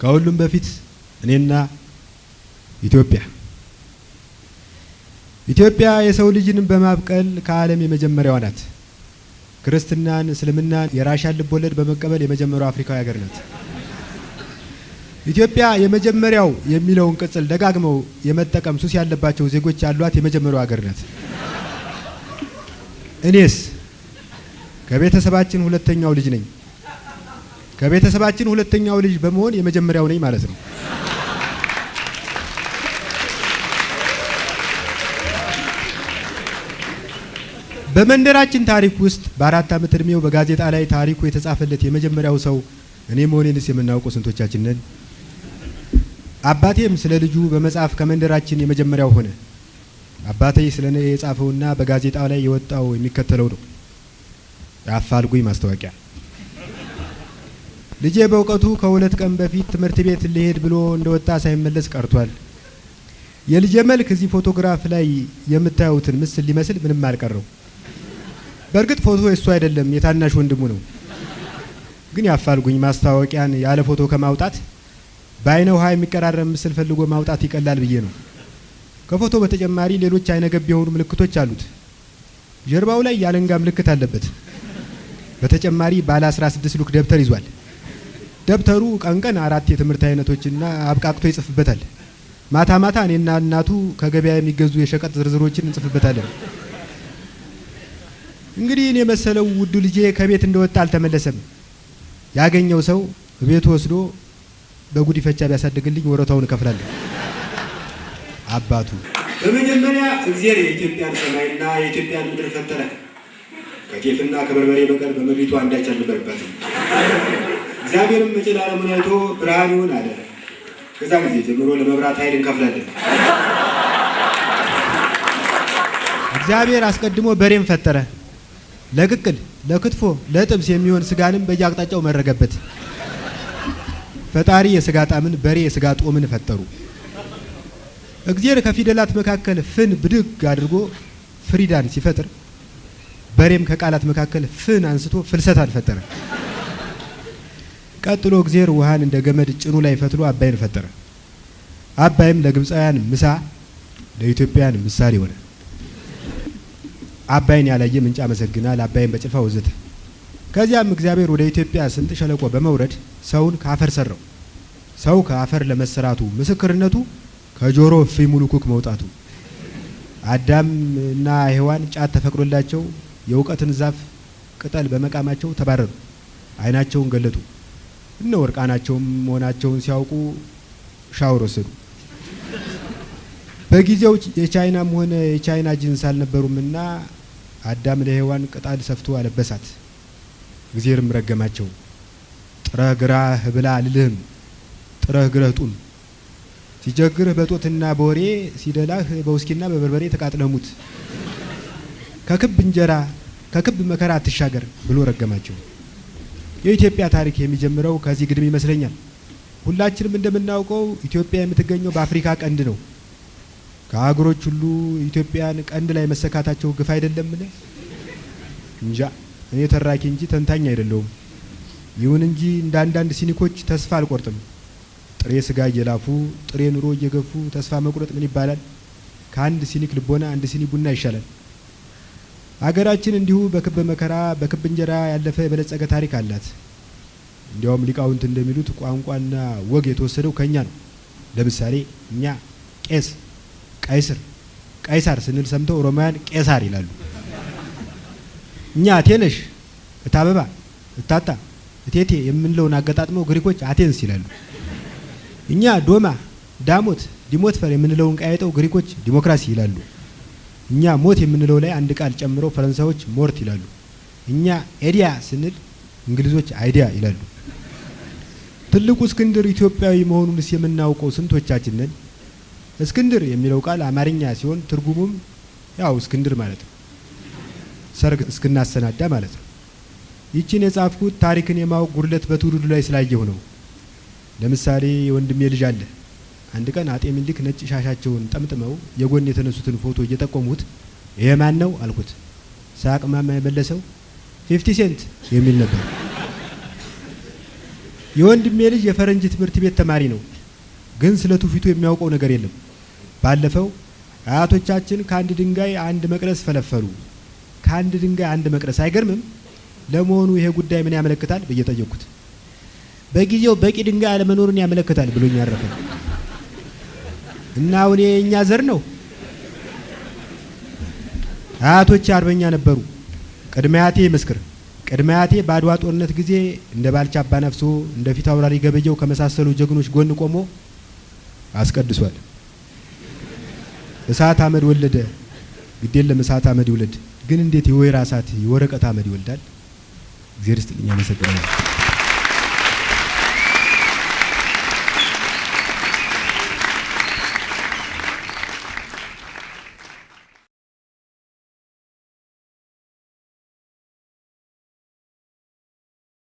ከሁሉም በፊት እኔና ኢትዮጵያ ኢትዮጵያ የሰው ልጅን በማብቀል ከዓለም የመጀመሪያዋ ናት። ክርስትናን፣ እስልምናን፣ የራሻን ልቦለድ በመቀበል የመጀመሪያው አፍሪካዊ ሀገር ናት። ኢትዮጵያ የመጀመሪያው የሚለውን ቅጽል ደጋግመው የመጠቀም ሱስ ያለባቸው ዜጎች ያሏት የመጀመሪያው ሀገር ናት። እኔስ ከቤተሰባችን ሁለተኛው ልጅ ነኝ። ከቤተሰባችን ሁለተኛው ልጅ በመሆን የመጀመሪያው ነኝ ማለት ነው። በመንደራችን ታሪክ ውስጥ በአራት ዓመት እድሜው በጋዜጣ ላይ ታሪኩ የተጻፈለት የመጀመሪያው ሰው እኔ መሆኔንስ የምናውቀው ስንቶቻችን ነን? አባቴም ስለ ልጁ በመጽሐፍ ከመንደራችን የመጀመሪያው ሆነ። አባቴ ስለ የጻፈውና በጋዜጣ ላይ የወጣው የሚከተለው ነው። የአፋልጉኝ ማስታወቂያ ልጄ በእውቀቱ ከሁለት ቀን በፊት ትምህርት ቤት ሊሄድ ብሎ እንደወጣ ሳይመለስ ቀርቷል። የልጄ መልክ እዚህ ፎቶግራፍ ላይ የምታዩትን ምስል ሊመስል ምንም አልቀረው። በእርግጥ ፎቶ እሱ አይደለም የታናሽ ወንድሙ ነው። ግን ያፋልጉኝ ማስታወቂያን ያለ ፎቶ ከማውጣት በአይነ ውሃ የሚቀራረብ ምስል ፈልጎ ማውጣት ይቀላል ብዬ ነው። ከፎቶ በተጨማሪ ሌሎች አይነገብ የሆኑ ምልክቶች አሉት። ጀርባው ላይ የአለንጋ ምልክት አለበት። በተጨማሪ ባለ 16 ሉክ ደብተር ይዟል። ደብተሩ ቀን ቀን አራት የትምህርት አይነቶችና አብቃቅቶ ይጽፍበታል። ማታ ማታ እኔና እናቱ ከገበያ የሚገዙ የሸቀጥ ዝርዝሮችን እንጽፍበታለን። እንግዲህ እኔ የመሰለው ውዱ ልጄ ከቤት እንደወጣ አልተመለሰም። ያገኘው ሰው ቤቱ ወስዶ በጉድ በጉዲፈቻ ቢያሳድግልኝ ወረታውን እከፍላለሁ። አባቱ በመጀመሪያ እግዚአብሔር የኢትዮጵያን ሰማይና የኢትዮጵያን ምድር ፈጠረ። ከጤፍና ከበርበሬ በቀር በመቤቱ አንዳች አልነበረባትም። እግዚአብሔርም መጨላለሙን አይቶ ብርሃን ይሁን አለ። ከዛ ጊዜ ጀምሮ ለመብራት ኃይል እንከፍላለን። እግዚአብሔር አስቀድሞ በሬም ፈጠረ፣ ለቅቅል፣ ለክትፎ፣ ለጥብስ የሚሆን ስጋንም በየአቅጣጫው መረገበት። ፈጣሪ የስጋ ጣምን፣ በሬ የስጋ ጦምን ፈጠሩ። እግዚአብሔር ከፊደላት መካከል ፍን ብድግ አድርጎ ፍሪዳን ሲፈጥር፣ በሬም ከቃላት መካከል ፍን አንስቶ ፍልሰታን ፈጠረ። ቀጥሎ እግዚአብሔር ውሃን እንደ ገመድ ጭኑ ላይ ፈትሎ አባይን ፈጠረ። አባይም ለግብፃውያን ምሳ ለኢትዮጵያውያን ምሳሌ ሆነ። አባይን ያላየ ምንጭ አመሰግናል፣ አባይን በጭልፋ ወዘተ። ከዚያም እግዚአብሔር ወደ ኢትዮጵያ ስምጥ ሸለቆ በመውረድ ሰውን ከአፈር ሰራው። ሰው ከአፈር ለመሰራቱ ምስክርነቱ ከጆሮ እፍ ሙሉ ኩክ መውጣቱ። አዳም እና ሔዋን ጫት ተፈቅዶላቸው የእውቀትን ዛፍ ቅጠል በመቃማቸው ተባረሩ፣ አይናቸውን ገለጡ። እነ ወርቃናቸውም መሆናቸውን ሲያውቁ ሻወር ወሰዱ። በጊዜው የቻይናም ሆነ የቻይና ጅንስ አልነበሩምና አዳም ለሔዋን ቅጣል ሰፍቶ አለበሳት። እግዜርም ረገማቸው። ጥረህ ግራህ ብላ አልልህም፣ ጥረህ ግረህ ጡም። በጦትና በወሬ ሲደላህ በውስኪና በበርበሬ ተቃጥለሙት ከክብ እንጀራ ከክብ መከራ አትሻገር ብሎ ረገማቸው። የኢትዮጵያ ታሪክ የሚጀምረው ከዚህ ግድም ይመስለኛል። ሁላችንም እንደምናውቀው ኢትዮጵያ የምትገኘው በአፍሪካ ቀንድ ነው። ከሀገሮች ሁሉ ኢትዮጵያን ቀንድ ላይ መሰካታቸው ግፍ አይደለምን? እንጃ እኔ ተራኪ እንጂ ተንታኝ አይደለሁም። ይሁን እንጂ እንደ አንዳንድ ሲኒኮች ተስፋ አልቆርጥም። ጥሬ ስጋ እየላፉ ጥሬ ኑሮ እየገፉ ተስፋ መቁረጥ ምን ይባላል? ከአንድ ሲኒክ ልቦና አንድ ሲኒ ቡና ይሻላል። አገራችን እንዲሁ በክብ መከራ በክብ እንጀራ ያለፈ የበለጸገ ታሪክ አላት። እንዲያውም ሊቃውንት እንደሚሉት ቋንቋና ወግ የተወሰደው ከኛ ነው። ለምሳሌ እኛ ቄስ ቀይስር ቀይሳር ስንል ሰምተው ሮማውያን ቄሳር ይላሉ። እኛ አቴነሽ እታበባ እታታ እቴቴ የምንለውን አገጣጥመው ግሪኮች አቴንስ ይላሉ። እኛ ዶማ ዳሞት ዲሞትፈር የምንለውን ቀያይጠው ግሪኮች ዲሞክራሲ ይላሉ። እኛ ሞት የምንለው ላይ አንድ ቃል ጨምረው ፈረንሳዮች ሞርት ይላሉ። እኛ ኤዲያ ስንል እንግሊዞች አይዲያ ይላሉ። ትልቁ እስክንድር ኢትዮጵያዊ መሆኑንስ የምናውቀው ስንቶቻችን ነን? እስክንድር የሚለው ቃል አማርኛ ሲሆን ትርጉሙም ያው እስክንድር ማለት ነው፣ ሰርግ እስክናሰናዳ ማለት ነው። ይችን የጻፍኩት ታሪክን የማወቅ ጉድለት በትውልዱ ላይ ስላየሁ ነው። ለምሳሌ የወንድሜ ልጅ አለ አንድ ቀን አጤ ምኒልክ ነጭ ሻሻቸውን ጠምጥመው የጎን የተነሱትን ፎቶ እየጠቆሙት ይሄ ማን ነው አልኩት። ሳቅማማ የመለሰው ፊፍቲ ሴንት የሚል ነበር። የወንድሜ ልጅ የፈረንጅ ትምህርት ቤት ተማሪ ነው፣ ግን ስለ ትውፊቱ የሚያውቀው ነገር የለም። ባለፈው አያቶቻችን ከአንድ ድንጋይ አንድ መቅረስ ፈለፈሉ። ከአንድ ድንጋይ አንድ መቅረስ አይገርምም? ለመሆኑ ይሄ ጉዳይ ምን ያመለክታል ብዬ ጠየቅኩት። በጊዜው በቂ ድንጋይ አለመኖርን ያመለክታል ብሎኝ ያረፈ እና አሁን የእኛ ዘር ነው። አያቶች አርበኛ ነበሩ። ቅድሚያቴ መስክር ቅድሚያቴ በአድዋ ጦርነት ጊዜ እንደ ባልቻ ነፍሶ እንደ ፊት አውራሪ ገበየው ከመሳሰሉ ጀግኖች ጎን ቆሞ አስቀድሷል። እሳት አመድ ወለደ። የለም እሳት አመድ ይውለድ። ግን እንዴት የወይራ እሳት የወረቀት አመድ ይወልዳል? እግዚአብሔር ይስጥልኝ። አመሰግናለሁ።